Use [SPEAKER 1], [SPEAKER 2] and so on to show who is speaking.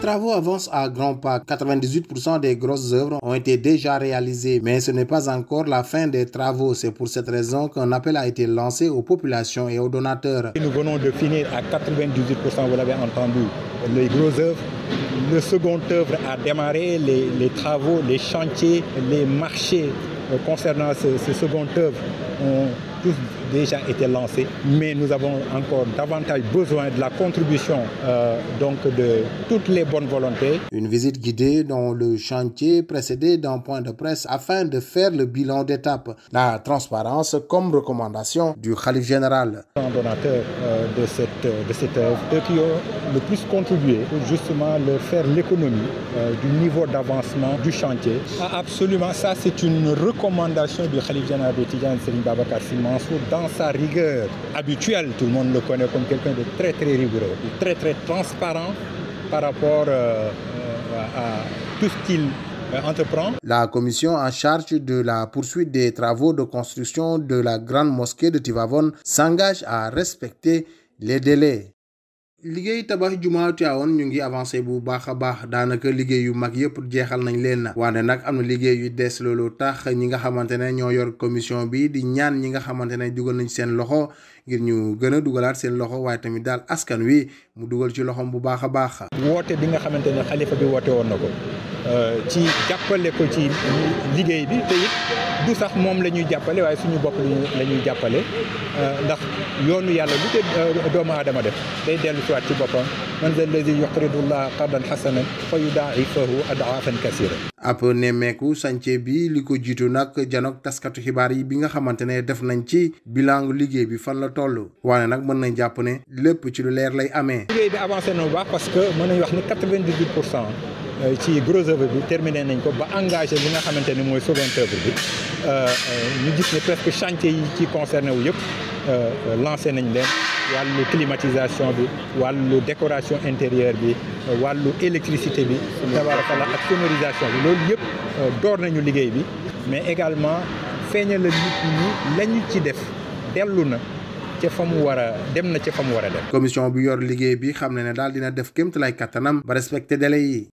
[SPEAKER 1] Les travaux avancent à grands pas. 98% des grosses œuvres ont été déjà réalisées, mais ce n'est pas encore la fin des travaux. C'est pour cette raison qu'un appel a été lancé aux populations et aux donateurs. Nous venons de finir à
[SPEAKER 2] 98%, vous l'avez entendu, les grosses œuvres. Le second œuvre a démarré, les, travaux, les chantiers, les marchés concernant ce, ce second œuvre tous déjà été lancés, mais nous avons encore davantage besoin de la contribution euh, donc de toutes les bonnes volontés. Une visite guidée
[SPEAKER 1] dans le chantier précédée d'un point de presse afin de faire le bilan d'étape. La transparence comme recommandation du Khalif général.
[SPEAKER 2] donateur euh, de cette, euh, de cette œuvre, de qui ont le plus contribué pour justement le faire l'économie du niveau d'avancement du chantier. Ah, absolument, ça c'est une recommandation du Khalif général de Tijan Selim dans sa rigueur habituelle. Tout le monde le connaît comme quelqu'un de très très rigoureux, très très transparent par rapport euh, euh, à tout ce qu'il euh, entreprend.
[SPEAKER 1] La commission en charge de la poursuite des travaux de construction de la grande mosquée de Tivavon s'engage à respecter les délais. liggéey tabax jumaa Tiwaawan ñu ngi avancé bu baax a baax daanaka liggéey yu mag yëpp jeexal nañ leen na waane nag am na liggéey yu des loolu tax ñi nga xamante ne ñoo yor commission bi di ñaan ñi nga xamante ne dugal nañ seen loxo ngir ñu gën a dugalaat seen loxo waaye tamit daal
[SPEAKER 2] askan wi mu dugal ci loxoom bu baax a baax. woote bi nga xamante ne xalifa bi woote woon na ko. Euh, ci jàppale ko ci liggéey bi te it du sax moom la ñuy jàppale waaye suñu bopp la ñuy jàppale euh, ndax yoonu yàlla lu te euh, doomu aadama def day dellu siwaat ci boppam man de lazi yuqridu llaha qardan xasanan fa yudaa'ifahu
[SPEAKER 1] adaafan kasira ab nemmeeku sànce bi li ko jiitu nag janoog taskatu xibaar yi bi nga xamante ne def nañ ci bilangu liggéey bi fan la toll waane nag mën nañ jàpp ne lépp ci
[SPEAKER 2] lu leer lay amee liggéey bi avancé na baax parce mën nañ pour cent ci gros œuvre bi terminé nañ ko ba engagé li nga xamante ne mooy second œuvre bi euh, euh, ñu gis ne presque chantier yi ci concerné wu yëpp euh, lancé nañ leen wàllu climatisation bi wàllu décoration intérieure bi wàllu électricité bi tabarakallah ak sonorisation bi loolu yëpp door nañu liggéey bi mais également feeñal la nit ñi lañu ci def dellu na ca fa mu war a dem na ca fa mu war a dem
[SPEAKER 1] commission bi yor liggéey bi xam ne ne daal dina def kémtalaay kattanam ba respecté délai yi